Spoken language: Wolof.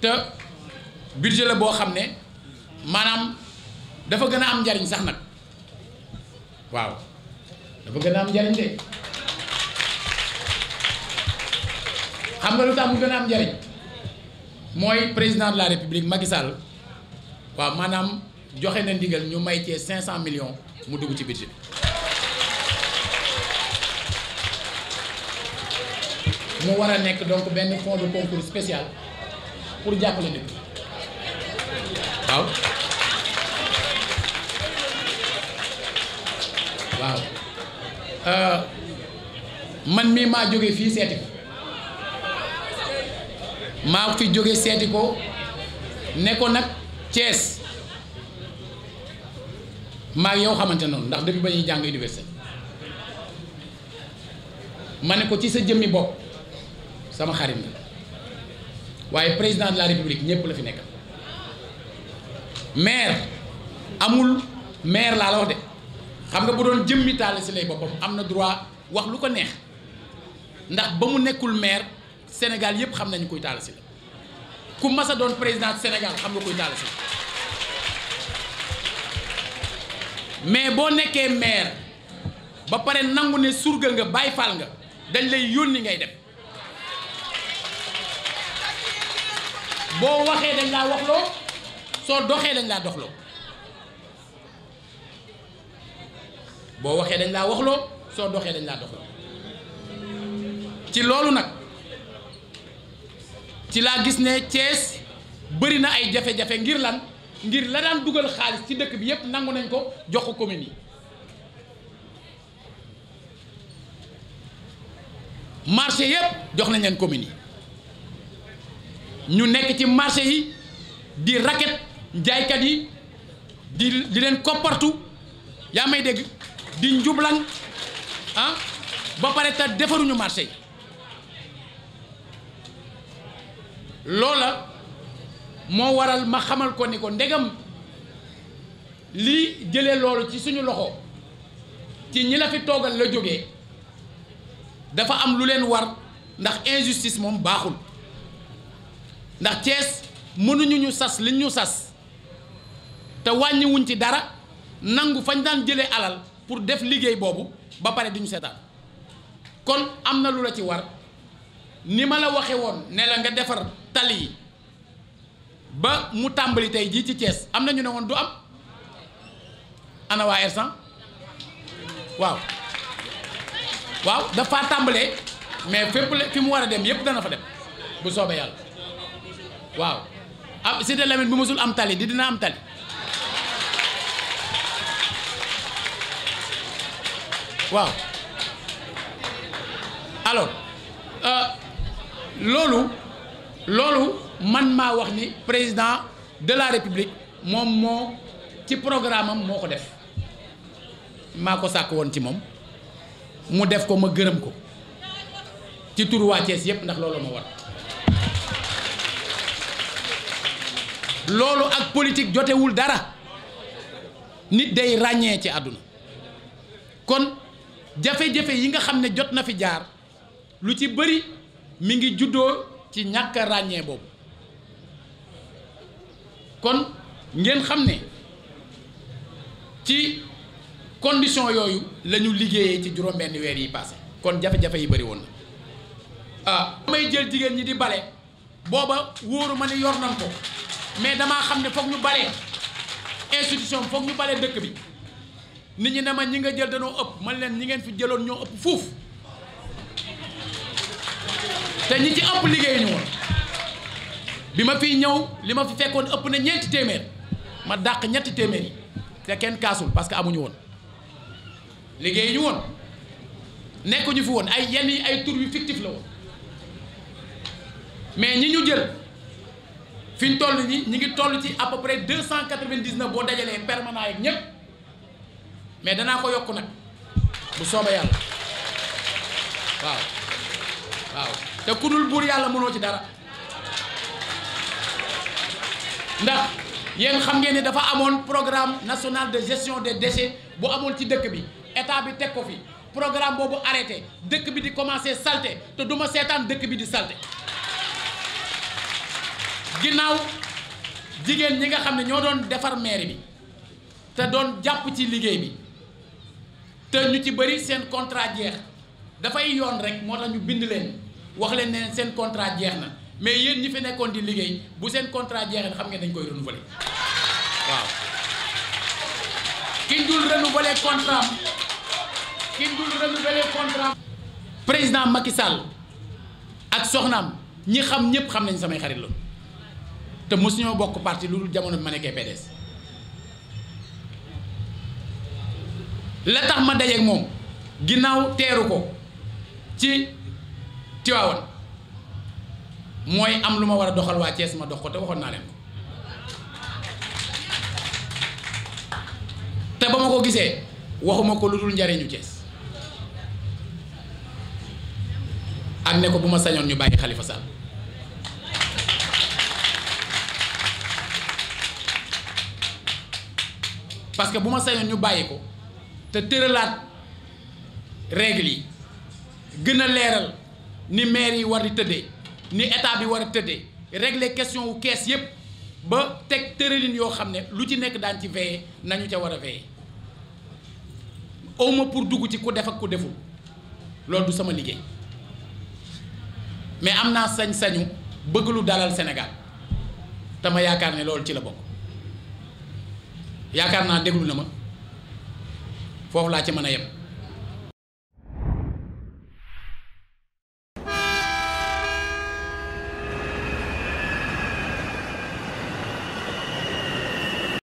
te budget la boo xam ne maanaam dafa gën a am njariñ sax nag waaw dafa gën a am njariñ de xam nga lu tax mu gën a am njariñ mooy président de la république Macky Sall waaw maanaam joxe na ndigal ñu may cee cent million mu dugg ci budget mu war a nekk donc benn fonds concours spécial pour jàppale dëkk waaw waaw euh, man mii maa jóge fii seeti ko maa fi jóge seeti ko ne ko nag cees maa yow xamante noonu ndax depuis ba ñuy jàng université ma ne ko ci sa jëmmi bopp sama xarit nga waaye président de la république ñëpp la fi nekkal maire amul maire laa la wax de xam nga bu doon jëmmi taal si lay boppam am na droit wax lu ko neex ndax ba mu nekkul maire Sénégal yëpp xam nañu kuy taal si la ku mas a doon président Sénégal xam nga kuy taal si la mais boo nekkee maire ba pare nangu ne surga nga Baay Faal nga dañ lay yónni ngay dem. boo waxee dañ laa waxloo soo doxee dañ laa doxloo boo waxee dañ laa wax lool soo doxee dañ laa doxloo ci loolu nag ci laa gis ne Thiès bëri na ay jafe-jafe ngir lan ngir la daan dugal xaalis ci dëkk bi yépp nangu nañ ko jox ko commune yi marché yépp jox nañ leen commune yi ñu nekk ci marché yi di racket jaaykat yi di di leen koppartu yaa may dégg di njublan ah ba pare te defaruñu marché yi loola moo waral ma xamal ko ni ko ndegam li jëlee loolu ci suñu loxo ci ñi la fi toogal la jógee dafa am lu leen war ndax injustice moom baaxul ndax cees mënuñu ñu sas li ñu sas te wàññiwuñ ci dara nangu fañ daan jëlee alal pour def liggéey boobu ba pare duñu seetaan kon am na lu la ci war ni ma la waxe woon ne la nga defar tali yi ba mu tàmbali tey jii ci cees am na ñu ne woon du am ana waa Ersan waaw waaw dafa tàmbalee mais fépp la fi mu war a dem yépp dana fa dem bu soobee yàlla waaw am Cité lamit bu musul am tali di dina am tali waaw alors euh, loolu loolu man maa wax ni président de la république moom moo ci programme am moo ko def maa ko sàkk woon ci moom mu def ko ma gërëm ko ci turu waa Thiès yépp ndax loolu ma war loolu ak politique jotewul dara nit day ràññee ci àdduna kon jafe-jafe yi nga xam ne jot na fi jaar lu ci bëri mi ngi juddoo ci ñàkk ràññee boobu kon ngeen xam ne ci condition yooyu lañu liggéeyee ci juróom-benn weer yi passé kon jafe-jafe yi bari woon na ah may jël jigéen ñi di bale booba wóoru ma ne yor nan ko mais damaa xam ne foog ñu balee institution foog ñu bare dëkk bi nit ñi ne ma ñi nga jël danoo ëpp man leen ñi ngeen fi jëloon ñoo ëpp fuuf te ñi ci ëpp liggéey woon bi ma fiy ñëw li ma fi fekkoon ëpp na ñeenti téeméer ma dàq ñetti téeméer yi te kenn kaasul parce que amuñu woon liggéey woon nekkuñu fi woon ay yenn yi ay tur yu fictif la woon mais ñi ñu jël fi ñu toll nii ñu ngi toll ci à peu près deux cent quatre-vingt-dix-neuf boo dajalee permanent yeeg mais danaa ko yokk nag bu soobee yàlla waaw waaw te ku dul buur yàlla mënoo ci dara ndax yéen xam ngeen ne dafa amoon programme national de gestion des déchets bu amoon ci dëkk bi état bi teg ko fi programme boobu arrêté dëkk bi di commencé salté te du ma seetaan dëkk bi di salté ginnaaw jigéen ñi nga xam ne ñoo doon defar mairie bi te doon jàpp ci liggéey bi te ñu ci bëri seen contrat jeex dafay yoon rek moo tax ñu bind leen wax leen ne seen contrat jeex na mais yéen ñi fi nekkoon di liggéey bu seen contrat jeexee xam ngeen dañ koy renouveler waaw kiñ dul renouveler contrat kiñ président Macky Sall ak soxnaam ñi xam ñëpp xam nañ samay xarit la te mosuñoo bokk parti lu dul jamono bi ma nekkee PDS la tax ma dajeeg moom ginnaaw teeru ko ci Tiwaawan mooy am lu ma war a doxal waa Cees ma dox ko te waxoon naa leen ko te ba ma ko gisee waxuma ko lu dul njariñu Cees ak ne ko bu ma sañoon ñu bàyyi Xalifa Sall parce que bu ma sañoon ñu bàyyi ko te tëralaat règle yi gën a leeral ni mair yi war di tëddee ni état bi war a tëddee regle question wu kees yépp ba teg tëralin yoo xam ne lu ci nekk daan ci veiller nañu ca war a veiller awma pour dugg ci ku def ak ku defu loolu du sama liggéey mais am naa sañ-sañu bëgg lu dalal Sénégal te ma yaakaar ne loolu ci la bokk yaakaar naa déglu na ma foofu laa ci mën a yem.